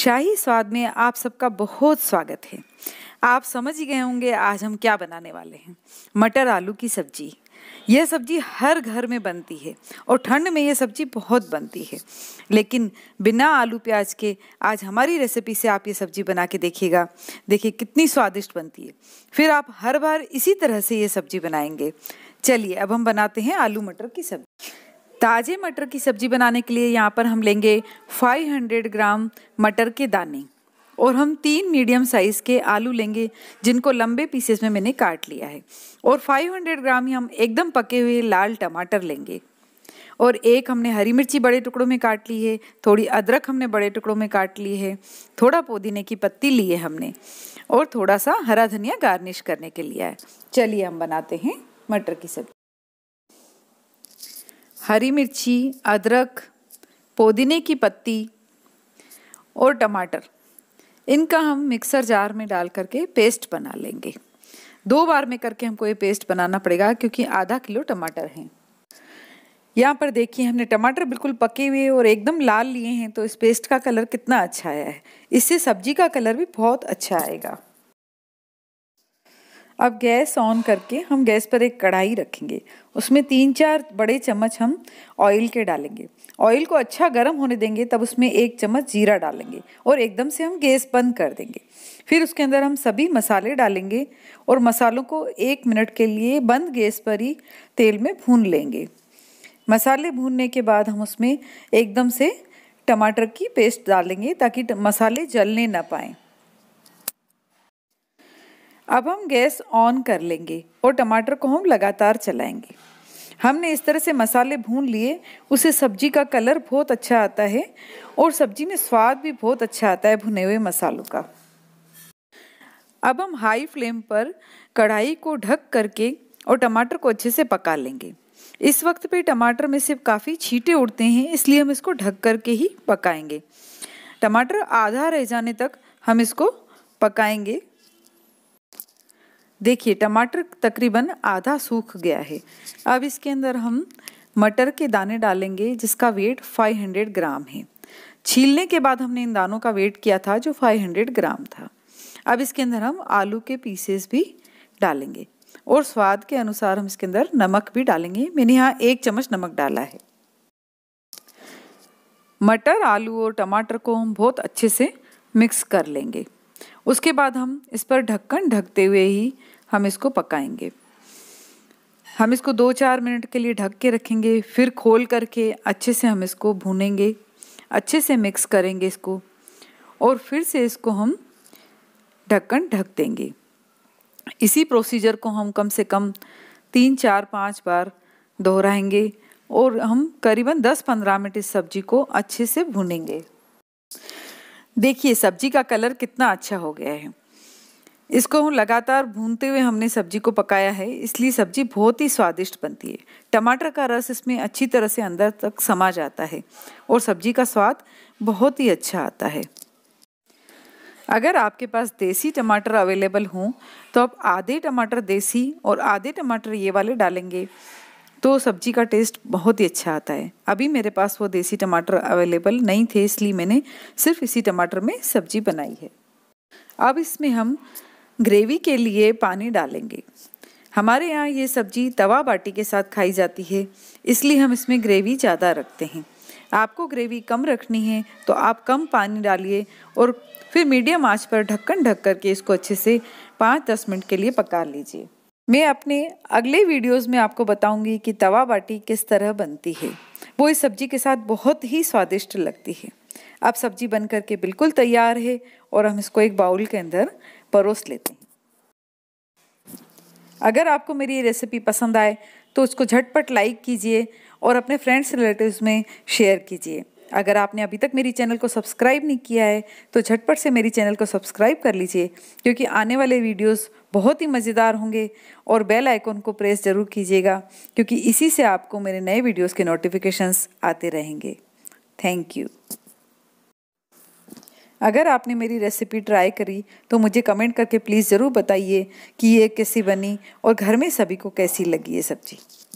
शाही स्वाद में आप सबका बहुत स्वागत है आप समझ ही गए होंगे आज हम क्या बनाने वाले हैं मटर आलू की सब्जी यह सब्जी हर घर में बनती है और ठंड में यह सब्जी बहुत बनती है लेकिन बिना आलू प्याज के आज हमारी रेसिपी से आप ये सब्जी बना के देखिएगा देखिए कितनी स्वादिष्ट बनती है फिर आप हर बार इसी तरह से ये सब्जी बनाएंगे चलिए अब हम बनाते हैं आलू मटर की सब्जी ताज़े मटर की सब्जी बनाने के लिए यहाँ पर हम लेंगे 500 ग्राम मटर के दाने और हम तीन मीडियम साइज़ के आलू लेंगे जिनको लंबे पीसेस में मैंने काट लिया है और 500 ग्राम ही हम एकदम पके हुए लाल टमाटर लेंगे और एक हमने हरी मिर्ची बड़े टुकड़ों में काट ली है थोड़ी अदरक हमने बड़े टुकड़ों में काट ली है थोड़ा पुदीने की पत्ती ली है हमने और थोड़ा सा हरा धनिया गार्निश करने के लिए है चलिए हम बनाते हैं मटर की सब्जी हरी मिर्ची अदरक पुदीने की पत्ती और टमाटर इनका हम मिक्सर जार में डाल करके पेस्ट बना लेंगे दो बार में करके हमको ये पेस्ट बनाना पड़ेगा क्योंकि आधा किलो टमाटर हैं यहाँ पर देखिए हमने टमाटर बिल्कुल पके हुए और एकदम लाल लिए हैं तो इस पेस्ट का कलर कितना अच्छा आया है इससे सब्जी का कलर भी बहुत अच्छा आएगा अब गैस ऑन करके हम गैस पर एक कढ़ाई रखेंगे उसमें तीन चार बड़े चम्मच हम ऑयल के डालेंगे ऑयल को अच्छा गर्म होने देंगे तब उसमें एक चम्मच जीरा डालेंगे और एकदम से हम गैस बंद कर देंगे फिर उसके अंदर हम सभी मसाले डालेंगे और मसालों को एक मिनट के लिए बंद गैस पर ही तेल में भून लेंगे मसाले भूनने के बाद हम उसमें एकदम से टमाटर की पेस्ट डालेंगे ताकि मसाले जलने ना पाएँ अब हम गैस ऑन कर लेंगे और टमाटर को हम लगातार चलाएंगे हमने इस तरह से मसाले भून लिए उसे सब्जी का कलर बहुत अच्छा आता है और सब्जी में स्वाद भी बहुत अच्छा आता है भुने हुए मसालों का अब हम हाई फ्लेम पर कढ़ाई को ढक करके और टमाटर को अच्छे से पका लेंगे इस वक्त पे टमाटर में से काफ़ी छींटे उड़ते हैं इसलिए हम इसको ढक करके ही पकाएंगे टमाटर आधा रह जाने तक हम इसको पकाएंगे देखिए टमाटर तकरीबन आधा सूख गया है अब इसके अंदर हम मटर के दाने डालेंगे जिसका वेट 500 ग्राम है छीलने के बाद हमने इन दानों का वेट किया था जो 500 ग्राम था अब इसके अंदर हम आलू के पीसेस भी डालेंगे और स्वाद के अनुसार हम इसके अंदर नमक भी डालेंगे मैंने यहाँ एक चम्मच नमक डाला है मटर आलू और टमाटर को हम बहुत अच्छे से मिक्स कर लेंगे उसके बाद हम इस पर ढक्कन ढकते हुए ही हम इसको पकाएंगे हम इसको दो चार मिनट के लिए ढक के रखेंगे फिर खोल करके अच्छे से हम इसको भूनेंगे अच्छे से मिक्स करेंगे इसको और फिर से इसको हम ढक्कन ढक देंगे इसी प्रोसीजर को हम कम से कम तीन चार पाँच बार दोहराएंगे और हम करीबन दस पंद्रह मिनट इस सब्जी को अच्छे से भूनेंगे देखिए सब्जी का कलर कितना अच्छा हो गया है इसको लगातार भूनते हुए हमने सब्जी को पकाया है इसलिए सब्जी बहुत ही स्वादिष्ट बनती है टमाटर का रस इसमें अच्छी तरह से अंदर तक समा जाता है और सब्जी का स्वाद बहुत ही अच्छा आता है अगर आपके पास देसी टमाटर अवेलेबल हों तो आप आधे टमाटर देसी और आधे टमाटर ये वाले डालेंगे तो सब्जी का टेस्ट बहुत ही अच्छा आता है अभी मेरे पास वो देसी टमाटर अवेलेबल नहीं थे इसलिए मैंने सिर्फ इसी टमाटर में सब्जी बनाई है अब इसमें हम ग्रेवी के लिए पानी डालेंगे हमारे यहाँ ये सब्जी तवा बाटी के साथ खाई जाती है इसलिए हम इसमें ग्रेवी ज़्यादा रखते हैं आपको ग्रेवी कम रखनी है तो आप कम पानी डालिए और फिर मीडियम आंच पर ढक्कन ढक करके इसको अच्छे से पाँच दस मिनट के लिए पका लीजिए मैं अपने अगले वीडियोस में आपको बताऊंगी कि तवा बाटी किस तरह बनती है वो इस सब्जी के साथ बहुत ही स्वादिष्ट लगती है अब सब्जी बन करके बिल्कुल तैयार है और हम इसको एक बाउल के अंदर परोस लेते हैं अगर आपको मेरी ये रेसिपी पसंद आए तो उसको झटपट लाइक कीजिए और अपने फ्रेंड्स रिलेटिव्स में शेयर कीजिए अगर आपने अभी तक मेरी चैनल को सब्सक्राइब नहीं किया है तो झटपट से मेरी चैनल को सब्सक्राइब कर लीजिए क्योंकि आने वाले वीडियोस बहुत ही मज़ेदार होंगे और बेल आइकॉन को प्रेस ज़रूर कीजिएगा क्योंकि इसी से आपको मेरे नए वीडियोज़ के नोटिफिकेशंस आते रहेंगे थैंक यू अगर आपने मेरी रेसिपी ट्राई करी तो मुझे कमेंट करके प्लीज़ ज़रूर बताइए कि ये कैसी बनी और घर में सभी को कैसी लगी ये सब्ज़ी